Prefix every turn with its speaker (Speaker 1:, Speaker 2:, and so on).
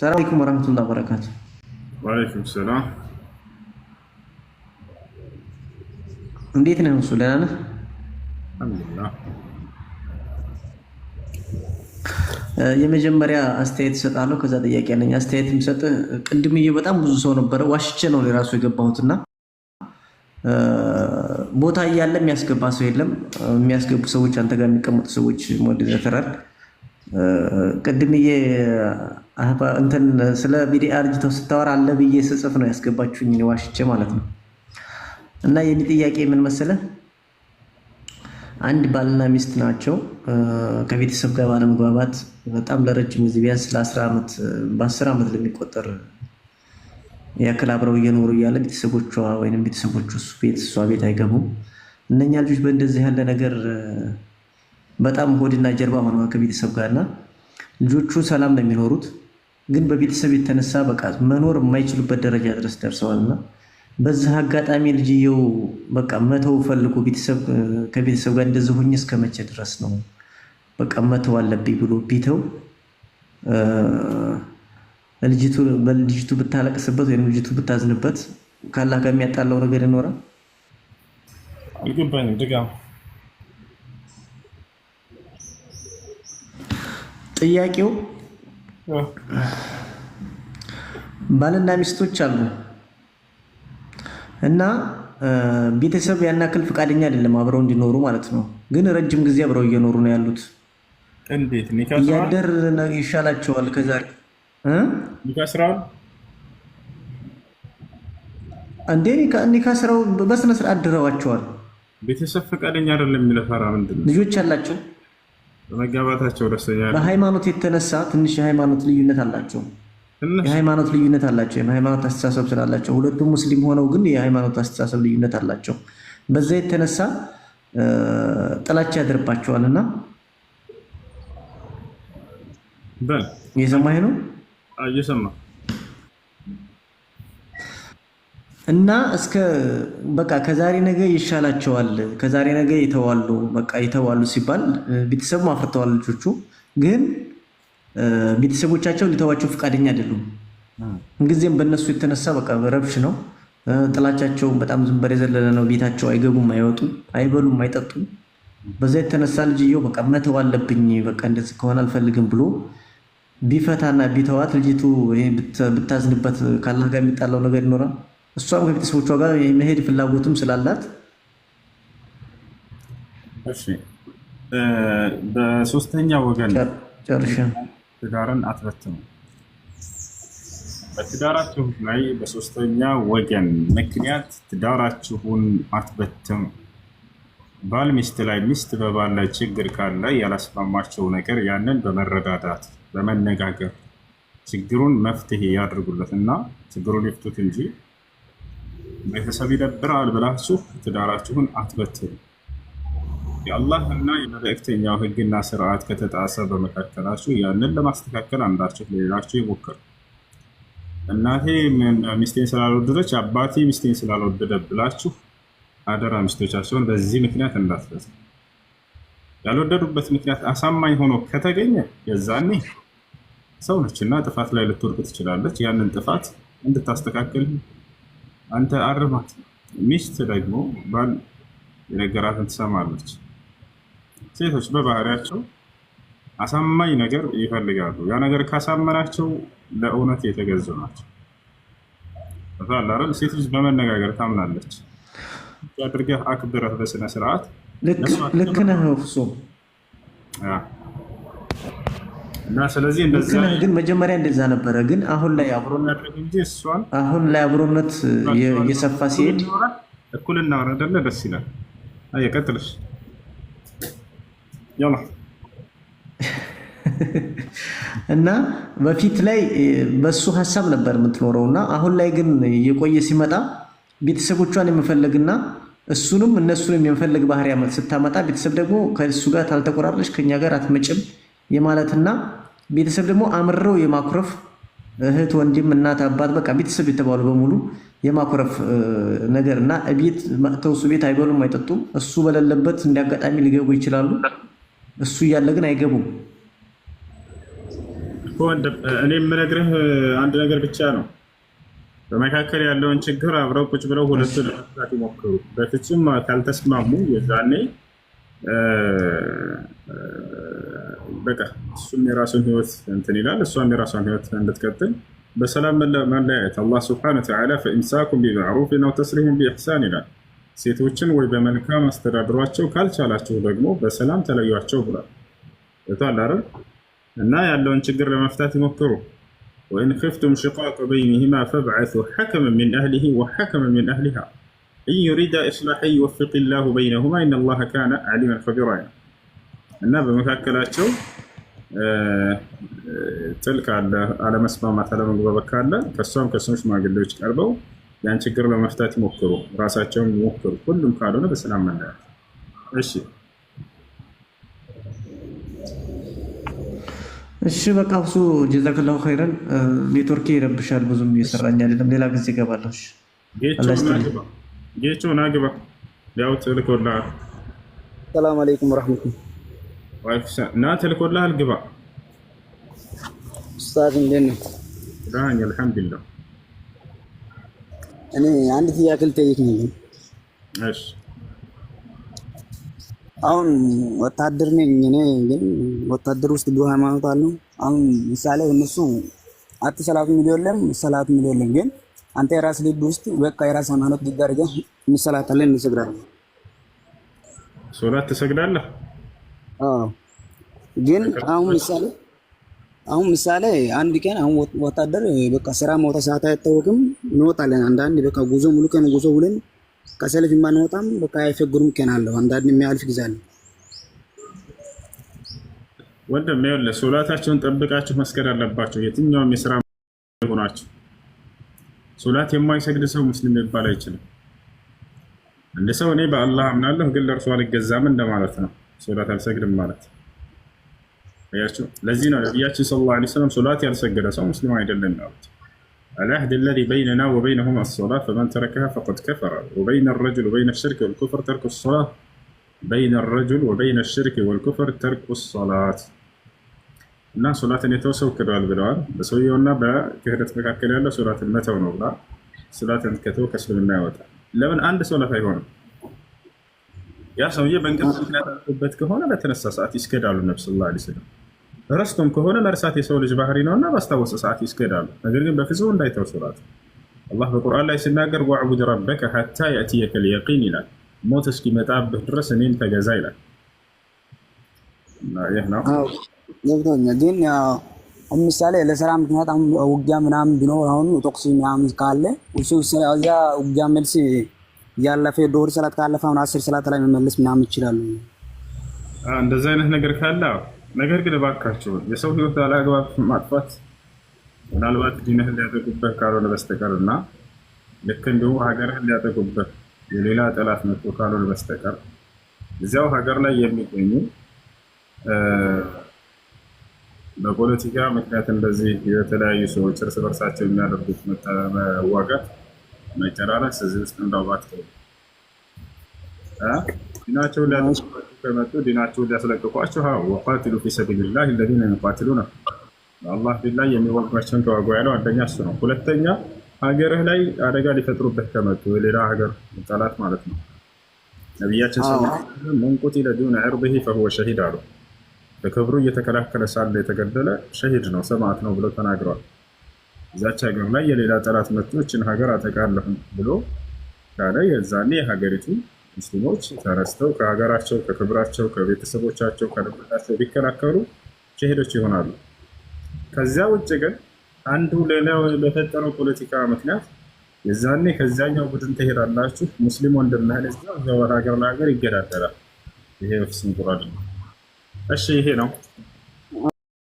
Speaker 1: ሰላም አለይኩም ወራህመቱላሂ ወበረካቱ።
Speaker 2: ወአለይኩም ሰላም።
Speaker 1: እንዴት ነህ? እሱ ደህና ነህ? አልሐምዱሊላህ። የመጀመሪያ አስተያየት እሰጣለሁ፣ ከዛ ጥያቄ ያለኝ አስተያየት የምሰጥህ ቅድምዬ በጣም ብዙ ሰው ነበረ፣ ዋሽቼ ነው ለራሱ የገባሁትና ቦታ እያለ የሚያስገባ ሰው የለም። የሚያስገቡ ሰዎች አንተ ጋር የሚቀመጡ ሰዎች ሞድ ቅድምዬ እንትን ስለ ቢዲአ ልጅተው ስታወራ አለ ብዬ ስጽፍ ነው ያስገባችሁኝ ዋሽቼ ማለት ነው። እና የኔ ጥያቄ ምን መሰለህ፣ አንድ ባልና ሚስት ናቸው። ከቤተሰብ ጋር ባለመግባባት በጣም ለረጅም ጊዜ ቢያንስ በአስር ዓመት ለሚቆጠር ያክል አብረው እየኖሩ እያለ ቤተሰቦቿ ወይም ቤተሰቦቹ እሱ ቤት እሷ ቤት አይገቡም። እነኛ ልጆች በእንደዚህ ያለ ነገር በጣም ሆድና ጀርባ ሆነዋል ከቤተሰብ ጋር እና ልጆቹ ሰላም ነው የሚኖሩት፣ ግን በቤተሰብ የተነሳ በቃ መኖር የማይችሉበት ደረጃ ድረስ ደርሰዋልና እና በዚህ አጋጣሚ ልጅየው በቃ መተው ፈልጎ ከቤተሰብ ጋር እንደዚህ ሆኜ እስከ መቼ ድረስ ነው በቃ መተው አለብኝ ብሎ ቢተው ልጅቱ ብታለቅስበት ወይም ልጅቱ ብታዝንበት ካላህ ጋር የሚያጣላው ነገር ይኖራል። ጥያቄው ባልና ሚስቶች አሉ እና ቤተሰብ ያን ያክል ፈቃደኛ አይደለም አብረው እንዲኖሩ ማለት ነው። ግን ረጅም ጊዜ አብረው እየኖሩ ነው ያሉት።
Speaker 2: እንዴት እያደር
Speaker 1: ይሻላቸዋል? ከዛ እንዴ ኒካ ስራው በስነስርዓት ድረዋቸዋል።
Speaker 2: ቤተሰብ ፈቃደኛ አይደለም የሚለፈራ ምንድን ነው?
Speaker 1: ልጆች አላቸው
Speaker 2: በመጋባታቸው ደስተኛ
Speaker 1: በሃይማኖት የተነሳ ትንሽ የሃይማኖት ልዩነት አላቸው። የሃይማኖት ልዩነት አላቸው። የሃይማኖት አስተሳሰብ ስላላቸው ሁለቱም ሙስሊም ሆነው ግን የሃይማኖት አስተሳሰብ ልዩነት አላቸው። በዛ የተነሳ ጥላቻ ያደርባቸዋል እና የሰማህ ነው እየሰማ እና እስከ በቃ ከዛሬ ነገ ይሻላቸዋል፣ ከዛሬ ነገ ይተዋሉ፣ በቃ ይተዋሉ ሲባል ቤተሰቡ አፍርተዋል። ልጆቹ ግን ቤተሰቦቻቸው ሊተዋቸው ፈቃደኛ አይደሉም። እንጊዜም በእነሱ የተነሳ በቃ ረብሽ ነው። ጥላቻቸው በጣም ዝንበር የዘለለ ነው። ቤታቸው አይገቡም፣ አይወጡም፣ አይበሉም፣ አይጠጡም። በዛ የተነሳ ልጅየው በቃ መተው አለብኝ፣ በቃ እንደዚህ ከሆነ አልፈልግም ብሎ ቢፈታና ቢተዋት ልጅቱ ብታዝንበት ካላህ ጋር የሚጣለው ነገር ይኖራል። እሷም ከቤተሰቦቿ ጋር የመሄድ ፍላጎትም ስላላት
Speaker 2: በሶስተኛ ወገን ትዳርን አትበትኑ። በትዳራችሁ ላይ በሶስተኛ ወገን ምክንያት ትዳራችሁን አትበትኑ። ባል ሚስት ላይ፣ ሚስት በባል ላይ ችግር ካለ ያላስማማቸው ነገር ያንን በመረዳዳት በመነጋገር ችግሩን መፍትሄ ያድርጉለት እና ችግሩን ይፍቱት እንጂ ቤተሰብ ይደብራል ብላችሁ ትዳራችሁን አትበትሉ የአላህ እና የመልእክተኛው ህግና ስርዓት ከተጣሰ በመካከላችሁ ያንን ለማስተካከል አንዳችሁ ለሌላችሁ ይሞክር። እናቴ ሚስቴን ስላልወደደች፣ አባቴ ሚስቴን ስላልወደደ ብላችሁ አደራ ሚስቶቻቸውን በዚህ ምክንያት እንዳትበት። ያልወደዱበት ምክንያት አሳማኝ ሆኖ ከተገኘ የዛኔ ሰው ነችና ጥፋት ላይ ልትወድቅ ትችላለች። ያንን ጥፋት እንድታስተካከል አንተ አርማት። ሚስት ደግሞ ባል የነገራትን ትሰማለች። ሴቶች በባህሪያቸው አሳማኝ ነገር ይፈልጋሉ። ያ ነገር ካሳመናቸው ለእውነት የተገዙ ናቸው። ላረል ሴት ልጅ በመነጋገር ታምናለች። አድርገህ አክብረህ በስነ ስርዓት ልክ ነህ። እና ስለዚህ
Speaker 1: ግን መጀመሪያ እንደዛ ነበረ። ግን አሁን ላይ አብሮነት አሁን ላይ አብሮነት እየሰፋ ሲሄድ
Speaker 2: እኩል እናወራደለ ደስ ይላል። አየህ ቀጥልሽ። ያላ
Speaker 1: እና በፊት ላይ በሱ ሀሳብ ነበር የምትኖረው እና አሁን ላይ ግን እየቆየ ሲመጣ ቤተሰቦቿን የመፈለግና እሱንም እነሱንም የመፈለግ ባህሪ ስታመጣ ቤተሰብ ደግሞ ከሱ ጋር ታልተቆራረች ከኛ ጋር አትመጭም የማለትና ቤተሰብ ደግሞ አምረው የማኩረፍ እህት፣ ወንድም፣ እናት፣ አባት በቃ ቤተሰብ የተባሉ በሙሉ የማኩረፍ ነገር እና ቤት መጥተው እሱ ቤት አይበሉም፣ አይጠጡም። እሱ በሌለበት እንዲያጋጣሚ ሊገቡ ይችላሉ። እሱ እያለ ግን አይገቡም።
Speaker 2: እኔ የምነግርህ አንድ ነገር ብቻ ነው። በመካከል ያለውን ችግር አብረው ቁጭ ብለው ሁለቱ ለመፍታት ይሞክሩ። በፍጹም ካልተስማሙ የዛኔ በቃ እሱም የራሱን ህይወት እንትን ይላል፣ እሷም የራሷን ህይወት እንድትቀጥል በሰላም መለያየት። አላህ ስብሐነሁ ወተዓላ ፈኢምሳኩም ቢማዕሩፍ ነው ተስሪሁም ቢኢሕሳን ይላል። ሴቶችን ወይ በመልካም አስተዳድሯቸው፣ ካልቻላቸው ደግሞ በሰላም ተለዩቸው ብሏል። ታላረ እና ያለውን ችግር ለመፍታት ይሞክሩ። ወኢን ኽፍቱም ሽቃቀ በይኒሂማ ፈብዐሱ ሐከመን ሚን አህሊሂ ወሐከመን ሚን አህሊሃ إن يريد إصلاحا يوفق الله بينهما إن الله كان عليما خبيرا أنا بمفكر أشوف تلك على على مسمى مثلا من بابا كارلا كسوم كسوم شو ما قلتش كربو يعني شكر له مفتات موكرو راسات شو موكرو كلهم قالوا له بس الأمن لا إيش
Speaker 1: እሺ በቃ እሱ ጀዛክላሁ ኸይረን ኔትወርክ ይረብሻል ብዙም እየሰራኝ አይደለም ሌላ ጊዜ ይገባለሁ እሺ
Speaker 2: አላስተላ ጌቾን አግባ ያው ትልኮልሃል።
Speaker 1: ሰላም አለይኩም ወራህመቱላህ
Speaker 2: እና ትልኮልሃል። ግባ
Speaker 1: ኡስታዝ፣ እንዴት ነው?
Speaker 2: ዳኝ አልሐምዱሊላህ።
Speaker 1: እኔ አንድ ጥያቄ ልጠይቅ ነው። እሺ። አሁን ወታደር ነኝ እኔ፣ ግን ወታደር ውስጥ ብዙ ሃይማኖት አሉ። አሁን ምሳሌ እነሱ አት ሰላት የሚለው የለም፣ ሰላት የሚለው የለም ግን አንተ የራስ ልብ ውስጥ በቃ የራስ ሃይማኖት ሊጋርገ እንሰላታለን፣ እንሰግዳለን።
Speaker 2: ሶላት ትሰግዳለህ።
Speaker 1: አዎ፣ ግን አሁን ምሳሌ አሁን ምሳሌ አንድ ቀን አሁን ወታደር በቃ ስራ መውጣ ሰዓት አይታወቅም፣ እንወጣለን። አንዳንድ በቃ ጉዞ ሙሉ ቀን ጉዞ ውለን ከሰልፍ የማንወጣም በቃ አይፈግሩም። ቀን አለው አንዳንድ የሚያልፍ ጊዜ አለ።
Speaker 2: ወንድም ይኸውልህ ሶላታቸውን ጠብቃችሁ መስገድ አለባቸው የትኛውም የስራ ሶላት የማይሰግድ ሰው ሙስሊም ሊባል አይችልም። እንደ ሰው እኔ በአላህ አምናለሁ ግን ለእርሱ አልገዛም እንደማለት ነው። ሶላት አልሰግድም ማለት ያቸው። ለዚህ ነው ነቢያችን ሰለላሁ ዐለይሂ ወሰለም ሶላት ያልሰገደ ሰው ሙስሊም አይደለም ያሉት። العهد الذي بيننا وبينهم الصلاة فمن تركها فقد كفر وبين الرجل وبين الشرك والكفر ترك الصلاة بين الرجل وبين الشرك والكفر ترك الصلاة እና ሶላትን የተው ሰው ክደዋል ብለዋል። በሰውየውና በክህደት መካከል ያለው ሶላትን መተው ነው ብላ ሶላትን ከተው ከእስልምና ያወጣል። ለምን አንድ ሶላት አይሆንም? ያ ሰውዬ በእንቅልፍ ምክንያት አልፎበት ከሆነ በተነሳ ሰዓት ይስገዳሉ። ነብ ስ ስለም ረስቶም ከሆነ መርሳት የሰው ልጅ ባህሪ ነው እና ባስታወሰ ሰዓት ይስገዳሉ። ነገር ግን በፍጹም እንዳይተው ሶላት አላህ በቁርአን ላይ ሲናገር ዋዕቡድ ረበከ ሐታ የእትየከል የቂን ይላል። ሞት እስኪመጣብህ ድረስ እኔን ተገዛ ይላል። ይህ ነው
Speaker 1: ገብቶኛል። ግን አሁን ምሳሌ ለስራ ምክንያት ውጊያ ምናምን ቢኖር አሁን ቶክሲ ምናምን ካለ እዚያ ውጊያ መልስ ያለፈ ዶር ሰላት ካለፈ አሁን አስር ሰላት ላይ መመለስ ምናምን ይችላሉ።
Speaker 2: እንደዚ አይነት ነገር ካለ ነገር ግን እባካቸው የሰው ህይወት አላግባብ ማጥፋት ምናልባት ዲንህን ሊያጠቁበት ካልሆነ በስተቀር እና ልክ እንዲሁ ሀገርህን ሊያጠቁበት የሌላ ጠላት መጥቶ ካልሆነ በስተቀር እዚያው ሀገር ላይ የሚገኙ በፖለቲካ ምክንያት እንደዚህ የተለያዩ ሰዎች እርስ በርሳቸው የሚያደርጉት መዋጋት፣ መጨራረስ እዚህ ውስጥ እንዳውባት ዲናቸውን ሊያስለቅቋቸው ከመጡ ዲናቸውን ሊያስለቅቋቸው ወቃትሉ ፊ ሰቢልላህ ለዚነ ዩቃትሉነ በአላህ ላይ የሚዋጓቸውን ተዋጓ ያለው አንደኛ እሱ ነው። ሁለተኛ ሀገርህ ላይ አደጋ ሊፈጥሩበት ከመጡ የሌላ ሀገር ጠላት ማለት ነው። ነቢያችን ሰ ምን ቁቲለ ዱነ ፈሁወ ሸሂድ አሉ። በክብሩ እየተከላከለ ሳለ የተገደለ ሸሂድ ነው ሰማዕት ነው ብሎ ተናግሯል። እዛች ሀገር ላይ የሌላ ጠላት መቶችን ሀገር አጠቃለሁ ብሎ ካለ የዛኔ የሀገሪቱ ሙስሊሞች ተረስተው ከሀገራቸው፣ ከክብራቸው፣ ከቤተሰቦቻቸው፣ ከልምዳቸው ቢከላከሉ ሸሂዶች ይሆናሉ። ከዚያ ውጭ ግን አንዱ ሌላው በፈጠረው ፖለቲካ ምክንያት የዛኔ ከዚያኛው ቡድን ትሄዳላችሁ ሙስሊም ወንድምህን እዛ ሀገር ለሀገር ይገዳደራል። ይሄ ፍስም ነው። Achei, não.